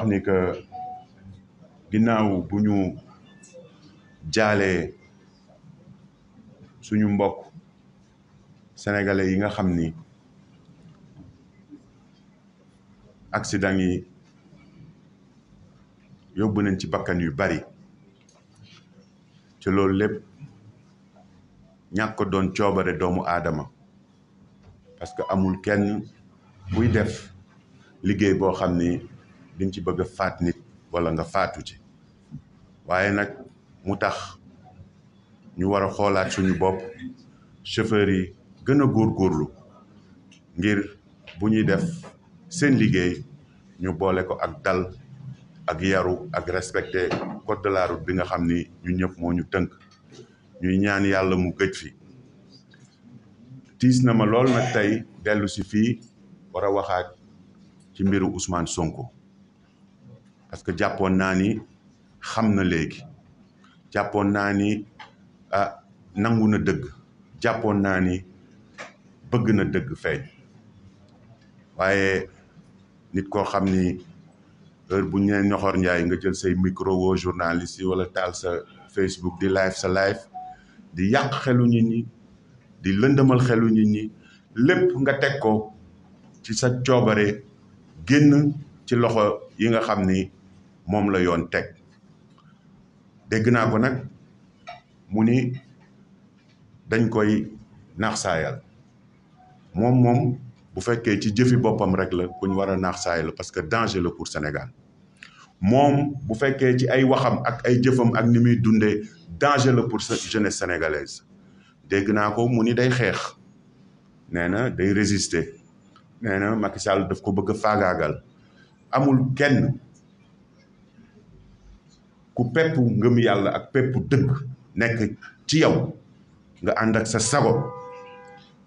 wax ni que bu ñu jaalee suñu mbokk sénégalais yi nga xam ni accident yi yóbbu nañ ci bakkan yu bari ci loolu lépp ñàkk ko doon coobare doomu aadama parce que amul kenn buy def liggéey boo xam ni di ci bëgg a faat nit wala nga faatu ci waaye nag mu tax ñu war a xoolaat suñu bopp chauffeur yi gën a góorgóorlu ngir bu ñuy def seen liggéey ñu boole ko ak dal ak yaru ak respecté code de la bi nga xam ni ñu ñëpp moo ñu tënk ñuy ñaan yàlla mu gëj fi tiis na ma lool nag tey dellusi fii war a waxaat ci mbiru Ousmane Sonko parce que jàppoon naa ni xam na léegi jàppoon naa ni ah nangu na dëgg jàppoon naa ni bëgg na dëgg feeñ waaye nit koo xam ni heure bu ñu nee ñoxor njaay nga jël say micro woo journaliste wala taal sa Facebook di live sa live di yàq xelu nit ñi di lëndëmal xelu nit ñi lépp nga teg ko ci sa coobare génn ci loxo yi nga xam ni moom la yoon teg dégg naa ko nag mu ni dañ koy saayal moom moom bu fekkee ci jëfi boppam rek la ku ñu war a naaxsaayal parce que danger la pour Sénégal moom bu fekkee ci ay waxam ak ay jëfam ak ni muy dundee danger la pour jeunesse sénégalaise dégg naa ko mu ni day xeex nee na day résister nee na Macky daf ko bëgg a faagaagal amul kenn ku pepp ngëm yàlla ak pepp dëgg nekk ci yow nga ànd ak sa sago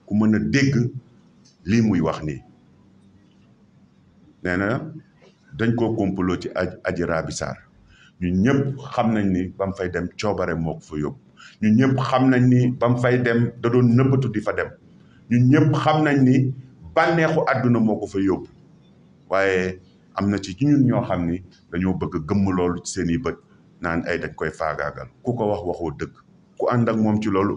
ku mën a dégg lii muy wax nii nee na dañ koo kompaloo ci aji Rabi Sarr ñun xam nañ ni ba fay dem coobare moo ko fa ñëpp xam nañ ni ba fay dem da doon nëbbatu di fa dem ñun ñëpp xam nañ ni bànneexu àdduna moo ko fa yóbbu waaye am na ci ñun ñoo xam ni dañoo bëgg gëmm loolu ci seen i bët naan ay dañ koy faagaagal ku ko wax waxoo dëgg ku ànd ak moom ci loolu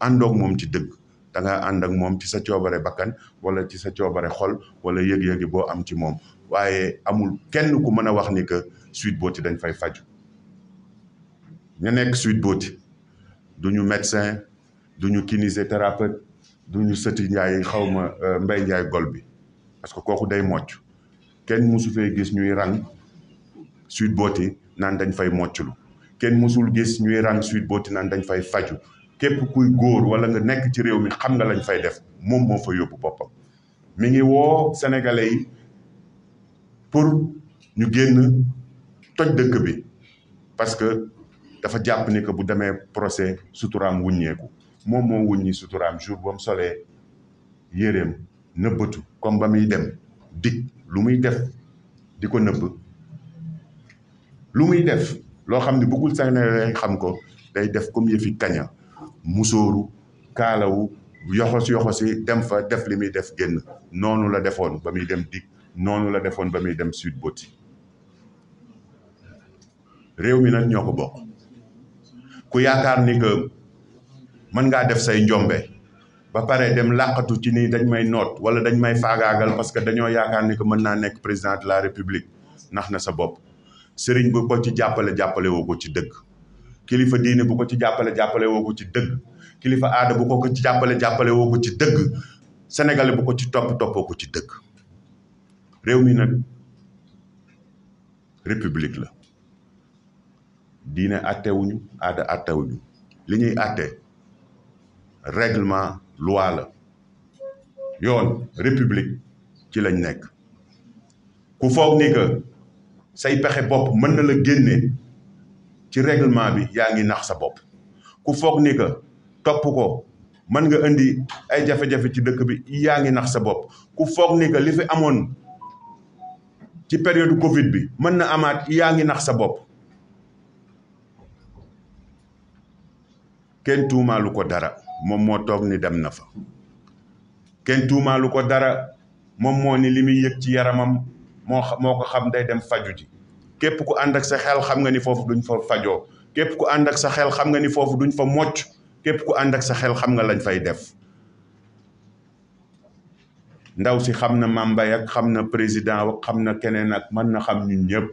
àndoog moom ci dëgg da ngaa ànd ak moom ci sa coobare bakkan wala ci sa coobare xol wala yëg-yëgi boo am ci moom waaye amul kenn ku mën a wax ni que Sweet Beauty dañ fay faju ñu nekk Sweet Beauty du ñu médecin du ñu kinésithérapeute du ñu sëti njaay xaw ma euh, mbay njaay gol bi parce que kooku day mocc kenn mosu fee gis ñuy rang Sweet Beauty naan dañ fay mocclu kenn mësul gis ñuy rang suite booti naan dañ fay faju képp kuy góor wala nga nekk ci réew mi xam nga lañ fay def moom moo fa yóbbu boppam mi ngi woo sénégalais yi pour ñu génn toj dëkk bi parce que dafa jàpp ni que bu demee procès suturaam wuññeeku moom moo wuññi suturaam jour ba solee yéreem nëbbatu comme ba muy dem dig lu muy def di ko nëbb lu muy def loo xam ne bëggul Sénégalais xam ko day def comme yëfi kaña musóoru kaalawu yoxos yoxosi dem fa def li muy def génn noonu la defoon ba muy dem dig noonu la defoon ba muy dem sud boti réew mi nag ñoo ko bokk ku yaakaar ni que mën ngaa def say njombe ba pare dem làqatu ci nii dañ may noot wala dañ may faagaagal parce que dañoo yaakaar ni que mën naa nekk président de la république nax na sa bopp sëriñ bu ko ci jàppale jàppale woo ci dëgg kilifa diine bu ko ci jàppale jàppale woo ci dëgg kilifa aada bu ko ci jàppale jàppale woo ci dëgg sénégalais bu ko ci topp toppoo ko ci dëgg réew mi nag république la diine àttewuñu aada li ñuy àtte règlement loi la yoon république ci lañ nekk ku foog ni say pexe bopp mën na la génne ci règlement bi yaa ngi nax sa bopp ku foog ni que topp ko mën nga indi ay jafe-jafe ci dëkk bi yaa ngi nax sa bopp ku foog ni que li fi amoon ci période Covid bi mën na amaat yaa ngi nax sa bopp kenn tuumaalu ko dara moom moo toog ni dem na fa kenn tuumaalu ko dara moom moo ni li muy yëg ci yaramam moo moo ko xam day dem faju ji képp ku ànd ak sa xel xam nga ni foofu duñ fa fajoo képp ku ànd ak sa xel xam nga ni foofu duñ fa mocc képp ku ànd ak sa xel xam nga lañ fay def ndaw si xam na mambay ak xam na président xam na keneen ak mën na xam ñun ñëpp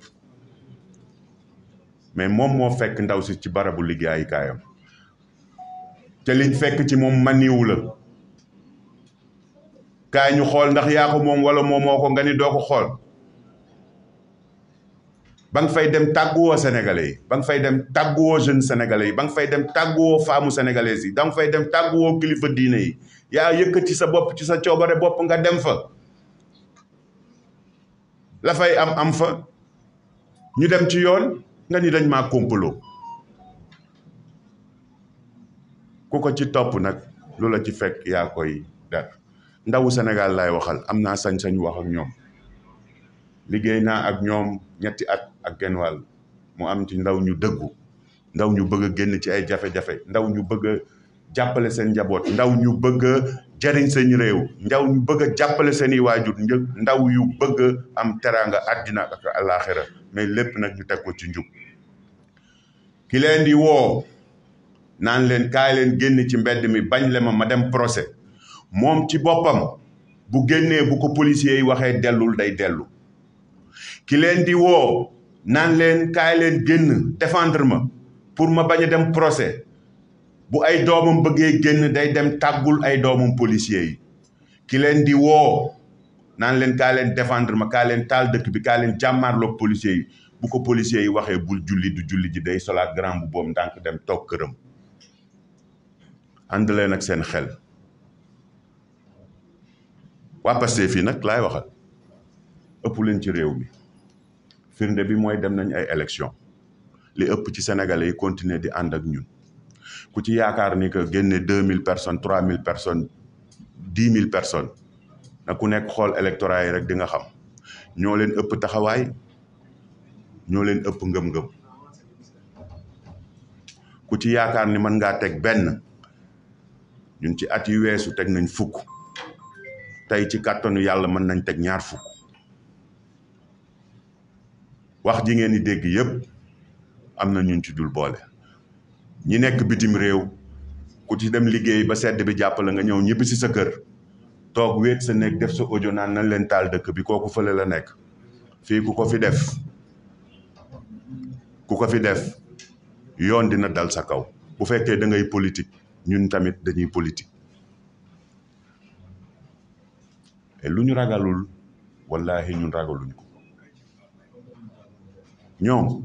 mais moom moo fekk ndaw si ci barabu liggéeyukaayam te liñ fekk ci moom maniwu la kaay ñu xool ndax yaa ko moom wala moom moo ko nga ni doo ko xool ba fay dem tàgguwoo sénégalais yi ba fay dem tàgguwoo jeunes sénégalais yi ba nga fay dem tàgguwoo femmes sénégalaises yi da nga fay dem tàgguwoo kilifa diine yi yaa yëkkati sa bopp ci sa coobare bopp nga dem fa la fay am am fa ñu dem ci yoon nga ni dañ maa complot ku ko ci topp nag lu la ci fekk yaa koy def ndawu Sénégal laay waxal am naa sañ-sañ wax ñoom liggéey naa ak ñoom ñetti at ak genn mu am ci ndaw ñu dëggu ndaw ñu bëgg génn ci ay jafe-jafe ndaw ñu bëgg a jàppale seen njaboot ndaw ñu bëgg a jariñ seen réew ndaw ñu bëgg jàppale seeni i waajur ndaw yu bëgg am teraanga àddina ak àllaaxira mais lépp nag ñu teg ci njub ki leen di woo naan leen kaay leen génn ci mbedd mi bañ le ma ma dem procès moom ci boppam bu génnee bu ko policiers yi waxee dellul day dellu ki leen di woo naan leen kaay leen génn défendre ma pour ma bañ a dem procès bu ay doomam bëggee génn day dem tàggul ay doomam policier yi ki leen di woo naan leen kaa leen défendre ma kaa leen taal dëkk bi kaa leen jàmmaarloog policiers yi bu ko policiers yi waxee bul julli du julli ji day solaat grand bu boom ndànk dem toog këram ànd leen ak seen xel waa Pastef fii nag laay waxal ëpp leen ci réew mi firnde bi mooy dem nañ ay élection li ëpp ci sénégalais yi continuer di ànd ak ñun ku ci yaakaar ni que génne deux mille personnes trois mille personnes dix mille personnes na ku nekk xool électorat yi rek di nga xam ñoo leen ëpp taxawaay ñoo leen ëpp ngëm-ngëm ku ci yaakaar ni mën ngaa teg benn ñun ci at yu weesu teg nañ fuk tey ci kàttanu yàlla mën nañ teg ñaar fuk wax ji ngeen di dégg yépp am na ñun ci dul boole ñi nekk bitim réew ku ci dem liggéey ba sedd bi jàpp la nga ñëw ñibbi si sa kër toog wéet sa néeg def sa audio naan nañ leen taal dëkk bi kooku fële la nekk fii ku ko fi def ku ko fi def yoon dina dal sa kaw bu fekkee da ngay politique ñun tamit dañuy politique lu ñu ragalul wallaahi ñun ragaluñ ko ñoom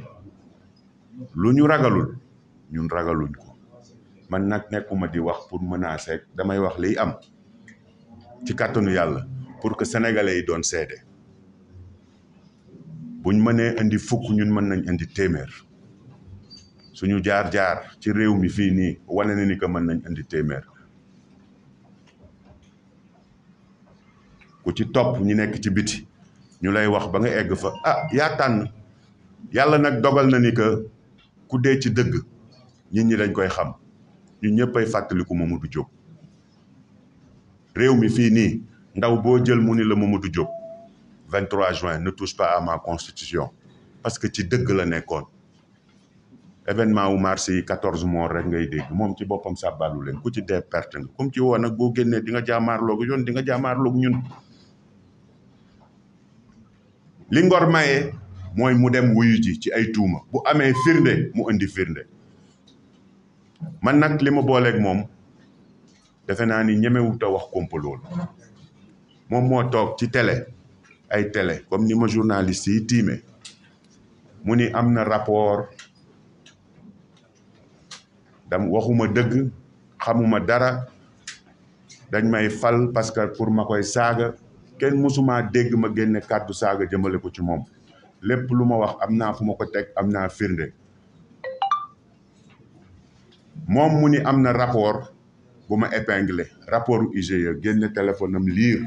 lu ñu ragalul ñun ragaluñ ko man nag nekkuma di wax pour menacer damay wax liy am ci kàttanu yàlla pour que sénégalais yi doon seede buñ mënee indi fukk ñun mën nañ indi téeméer suñu jaar-jaar ci réew mi fii nii wane na ni que mën nañ indi téeméer ku ci topp ñu nekk ci biti ñu lay wax ba nga egg fa ah yaa tànn yàlla nag dogal na ni que ku dee ci dëgg nit ñi dañ koy xam ñun ñëpp ay fàttaliku du jóg réew mi fii nii ndaw boo jël mu ni la Mamadou Diop 23 juin ne touche pas à ma constitution parce que ci dëgg la nekkoon événement wu mars yi 14 mois rek ngay dégg moom ci boppam sàbbalu leen ku ci dee perte nga comme ci woo nag boo génnee di nga jaamaarloog yoon dinga nga jaamaarloog ñun li ngor maye. mooy mu dem wuyu ji ci ay tuuma bu amee firnde mu indi firnde man nag li ma booleeg moom defe naa ni ñemewut ta wax kompalool moom moo toog ci télé ay télé comme ni ma journaliste yi tiime mu ni am na rapport dam waxuma dëgg xamuma dara dañ may fal parce que pour ma koy saaga kenn mësuma dégg ma génne kàddu saaga jëmale ko ci moom lépp lu ma wax am naa fu ma ko teg am naa firnde moom mu ni am na rapport bu ma épinglé rapport u IGE génne téléphone am liir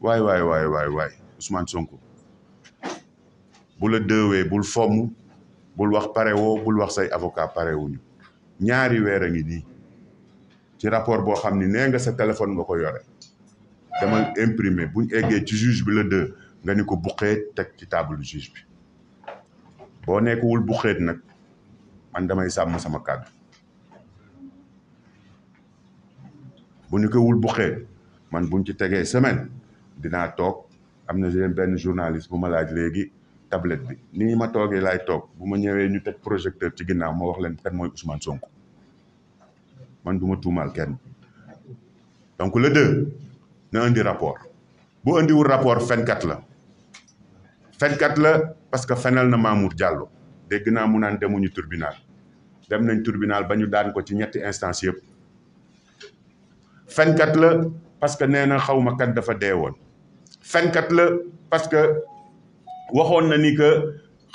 waaye waay waay waay waay Ousmane Sonko bu la bul fomm bul wax pare woo bul wax say avocat pare wuñu ñaari weer a ngi nii ci rapport boo xam ni ne nga sa téléphone nga ko yore demal imprimer buñ eggee ci juge bi la nga ni ko buqeet teg ci table juge bi boo nekkul buqeet nag man damay sàmm sama kàddu bu ñu ko wul buqeet man bum ci tegee semaine dinaa toog am na seen benn journaliste bu ma laaj léegi tablette bi nii ma toogee laay toog bu ma ñëwee ñu teg projecteur ci ginnaaw ma wax leen kan mooy Ousmane Sonko man du ma tuumaal kenn donc le deux na indi rapport bu wul rapport fenkat la fenkat la parce que fenal na Mamour jàlloo dégg naa mu naan ñu tribunal dem nañ tribunal ba ñu daan ko ci ñetti instance yëpp fenkat la parce que nee na xawma ma kat dafa dee woon fenkat la parce que waxoon na ni que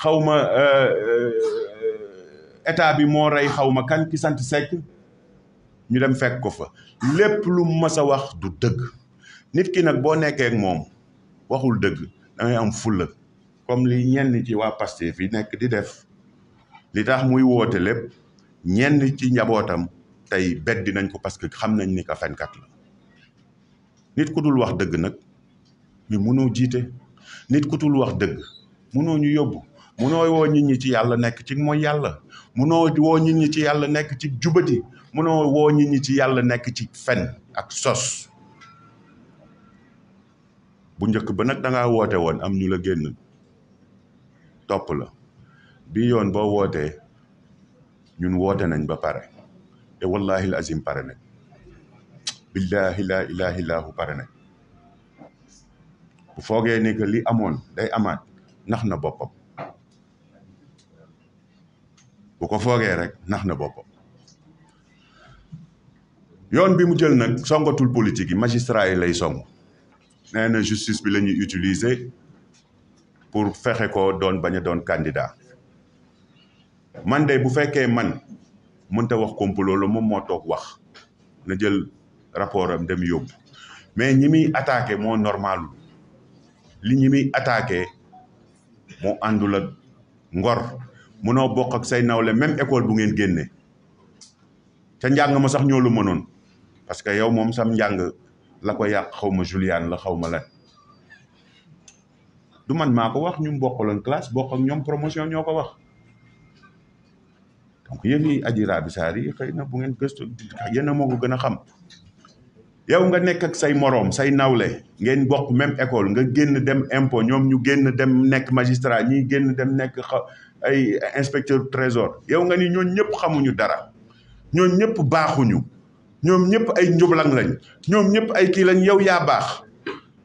xaw ma euh, euh, état bi moo rey xaw ma kan ki sant Seck ñu dem fekk ko fa lépp lu mës a wax du dëgg nit ki nag boo nekkee moom waxul dëgg da am fulla comme li ñenn ci waa Pastef yi nekk di def li tax muy woote lépp ñenn ci njabootam tey beddi nañ ko parce que xam nañ ni ka fenkat la nit ku dul wax dëgg nag mi mënoo jiite nit ku wax dëgg ñu yóbbu mënoo woo nit ci yàlla nekk ci mooy yàlla mënoo woo nit ci yàlla nekk ci jubati mënoo woo nit ci yàlla nekk ci fen ak sos bu njëkk ba nag danga woote woon am ñu la génn topp la bi yoon boo wootee ñun woote nañ ba pare te wallahi al azim pare nañ billahi laa ilaha illaahu pare nañ bu foogee ni que li amoon day amaat nax na bopp bu ko foogee rek nax na boppam yoon bi mu jël na songatul politique yi magistrat yi lay song nee na justice bi la ñuy pour fexe ko doon bañ a doon candidat man de bu fekkee man mënta wax complot loolu moom moo toog wax na jël rapport am dem yóbbu mais ñi muy attaqué moo normalul li ñi muy attaqué moo àndul ngor mënoo bokk ak say nawle même école bu ngeen génne ca njàng ma sax ñoo lu mënoon parce que yow moom sam njàng la ko yàq xaw ma Julian la xaw ma lan du man maa ko wax ñu bokkaloon classe bokk ak ñoom promotion ñoo ko wax donc yéen ñii Adji Raby yi xëy na bu ngeen gëstu yéen a moo ko gën a xam yow nga nekk ak say moroom say nawle ngeen bokk même école nga génn dem impôt ñoom ñu génn dem nekk magistra ñii génn dem nekk ay inspecteur trésor yow nga ni ñooñ ñëpp xamuñu dara ñooñ ñëpp baaxuñu ñoom ñëpp ay njublang lañ ñoom ñëpp ay kii lañ yow yaa baax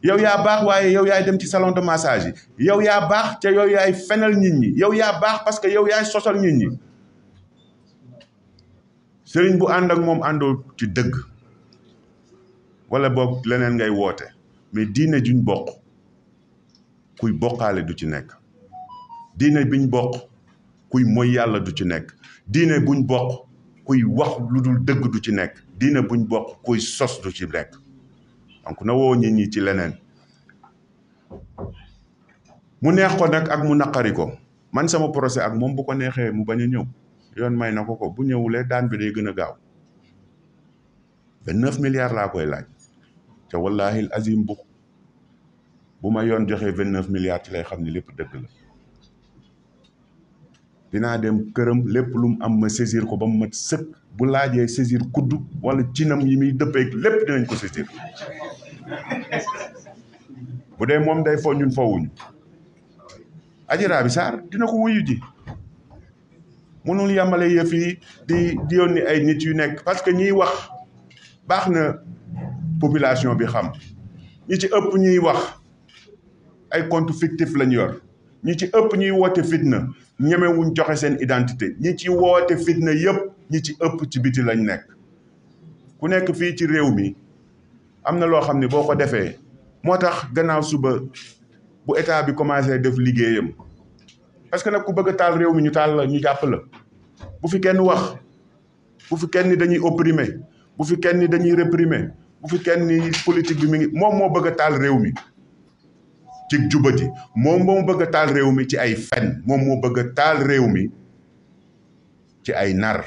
yow yaa baax waaye yow yaay dem ci salon de massage yi yow yaa baax ca yow yaay fenal nit ñi yow yaa baax parce que yow yaay sosal nit ñi sëriñ bu ànd ak moom àndoo ci dëgg wala boog leneen ngay woote mais diine juñ bokk kuy bokkaale du ci nekk diine biñ bokk kuy moy yàlla du ci nekk diine buñ bokk kuy wax lu dul dëgg du ci nekk diine buñ bokk kuy sos du ci nekk donc na woo nit ñi ci leneen mu neex ko nag ak mu naqari ko man sama procès ak moom bu ko neexee mu bañ ñëw yoon may na ko ko bu ñëwulee daan bi gën a gaaw ba neuf milliards laa koy laaj te wallahi azim bu bu ma yoon joxe vingt neuf milliards ci lay xam ni lépp dëgg la dinaa dem këram lépp lu mu am ma saisir ko ba mu mat sëkk bu laajee saisir kudd wala cinam yi muy dëppeeg lépp dinañ ko saisir bu dee moom day fo ñun fowuñu Adji Raby dina ko wuyu ji mënul yàmbale yëf yi di di yónni ay nit yu nekk parce que ñiy wax baax na population bi xam ñi ci ëpp ñuy wax ay compte fictif lañ yor ñi ci ëpp ñuy woote fitna ñemewuñ joxe seen identité ñi ci woote fitna yëpp ñi ci ëpp ci biti lañ nekk ku nekk fii ci réew mi am na loo xam ne boo ko defee moo tax gannaaw suba bu état bi commencé def liggéeyam parce que nag ku bëgg a taal réew mi ñu taal la ñu jàpp la bu fi kenn wax bu fi kenn ni dañuy opprimer bu fi kenn ni dañuy réprimer bu kenn ni politique bi mi ngi moom moo bëgg a taal réew mi ci jubati moom moo bëgg taal réew mi ci ay fen moom moo bëgg taal réew mi ci ay nar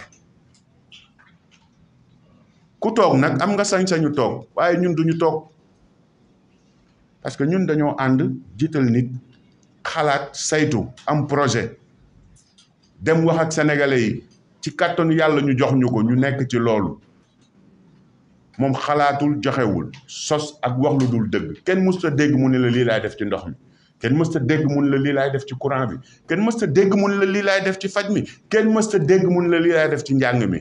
ku toog nag mm-hmm. am nga sañ-sañu toog waaye ñun duñu toog parce que ñun dañoo ànd jiital nit xalaat saytu am projet dem wax ak sénégalais yi ci kàttanu yàlla ñu jox ñu ko ñu nekk ci loolu moom xalaatul joxewul sos ak wax lu dul dëgg kenn mës dégg mu ne la lii laay def ci ndox mi kenn mës ta dégg mu ne la lii laay def ci courant bi kenn mës ta dégg mu la lii laay def ci faj mi kenn mës ta dégg mu ne la lii laay def ci njàng mi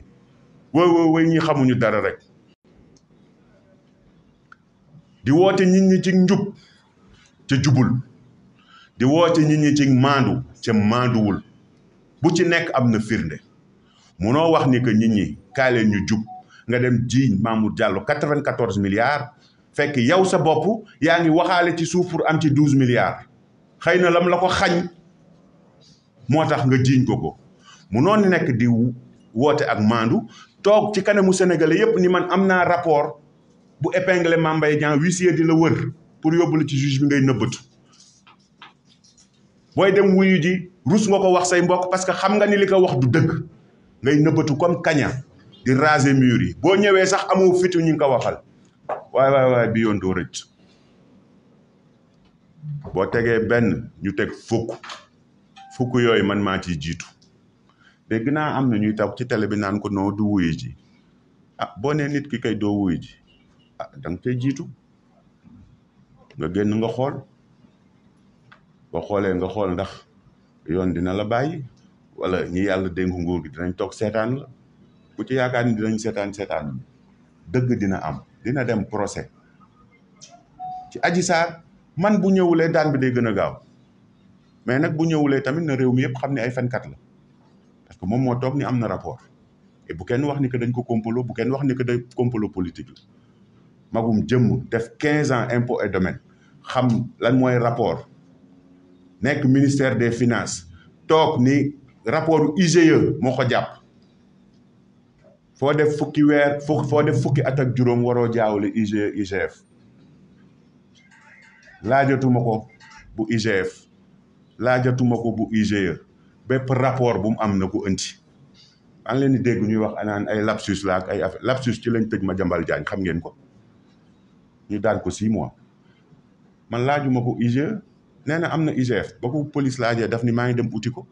woy woy woy ñi xamuñu dara rek di woote nit ñi ci njub ca jubul di woote nit ñi ci maandu ca maanduwul bu ci nekk am na firnde noo wax ni que nit ñi kaay leen ñu jub nga dem jiiñ Mamour Diallo quatre-vingt-quatorze milliards fekk yow sa bopp yaa ngi waxaale ci suuf pour am ci douze milliards xëy na lam la ko xañ moo tax nga jiiñ ko ko munoo nekk di woote ak maandu toog ci kanamu sénégalais yépp ni man am na rapport bu épinglé Mame Mbaye Niang huissier di la wër pour yóbbu la ci juge bi ngay nëbbatu booy dem wuyu ji rus nga ko wax say mbokk parce que xam nga ni li ko wax du dëgg ngay nëbbatu comme kaña di raser mur boo ñëwee sax amu fitu ñu ngi ko waxal waay waay waay bi yoon doo boo tegee benn ñu teg fukk fukk yooyu man maa ciy jiitu dégg naa am na ñuy taw ci télé bi naan ko noo du wuyu ji ah boo nee nit ki kay doo wuyu ji ah da nga jiitu nga génn nga xool boo xoolee nga xool ndax yoon dina la bàyyi wala ñi yàlla dénk nguur gi dinañ toog seetaan la ku ci yaakaar ni dinañ seetaan seetaan dëgg dina am dina dem procès ci aji Sarr man bu ñëwulee daan bi de gën a gaaw mais nag bu ñëwulee tamit na réew mi yëpp xam ne ay fenkat la parce que moom moo toog ni am na rapport bu kenn wax ni que dañ ko complot bu kenn wax ni que day complot politique magum jëmm def quinze ans impôt et domaine xam lan mooy rapport nekk ministère des finances toog ni rapport IGE moo ko jàpp foo def fukki weer fu foo def fukki at ak juróom waroo jaawale IGE IGF laajatuma ko bu IGF laajatuma ko bu IGE bépp rapport bu mu am na ko ënti an ngi leen dégg ñuy wax anaan ay lapsus la ak ay lapsus ci lañ tëj ma jambal jaañ xam ngeen ko ñu daan ko six mois man laajuma ko IGE nee na am na IGF e ba ko police laajee daf ni maa ngi dem uti ko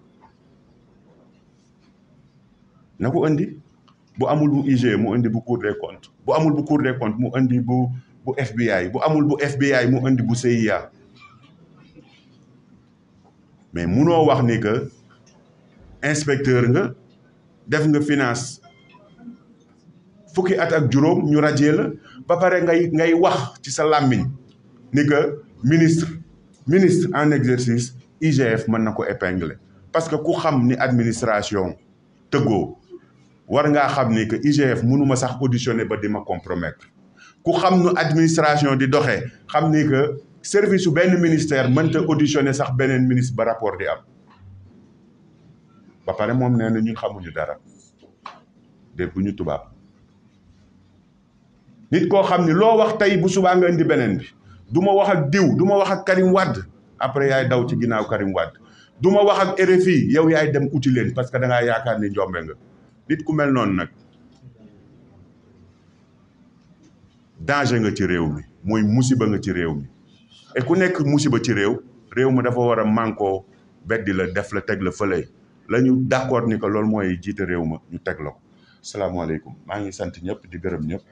na ko indi bu amul bu IGE mu indi bu cour des comptes bu amul bu cour des comptes mu indi bu bu FBI bu amul bu FBI mu indi bu CIA mais munoo wax ni inspecteur nga def nga finance fukki at ak juróom ñu rajee la ba pare ngay ngay wax ci sa làmmiñ ni que ministre ministre en exercice IGF mën na ko épingler parce que ku xam ni administration tëggoo war ngaa xam ni que IGF mënuma sax auditionner ba di ma compromettre ku xam nu administration di doxe xam ni que service su benn ministère mënta auditionner sax beneen ministre ba rapport di am ba pare moom nee na ñun xamuñu dara dégguñu tubaab nit koo xam ni loo wax tey bu subaa nga indi beneen bi du ma wax ak diw du ma wax ak Karim Wade après yaay daw ci ginnaaw Karim Wade duma wax ak RFI yow yaay dem uti leen parce que da yaakaar ni njombe nga nit ku mel noonu nag danger nga ci réew mi mooy musiba nga ci réew mi et ku nekk musiba ci réew réew ma dafa war a mànkoo beddi la def la teg la fële. la ñu d'accord ni ko loolu mooy jiite réew ma ñu teg la ko salaamaaleykum maa ngi sant ñëpp di gërëm ñëpp.